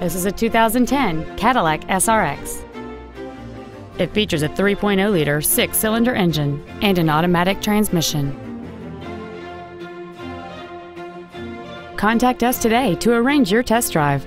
This is a 2010 Cadillac SRX. It features a 3.0-liter six-cylinder engine and an automatic transmission. Contact us today to arrange your test drive.